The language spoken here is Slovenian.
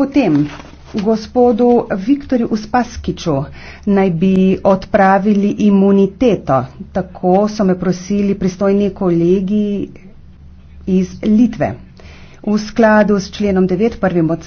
Potem gospodu Viktorju Uspaskiču naj bi odpravili imuniteto, tako so me prosili pristojni kolegi iz Litve. V skladu s členom 9 prvim odstavkom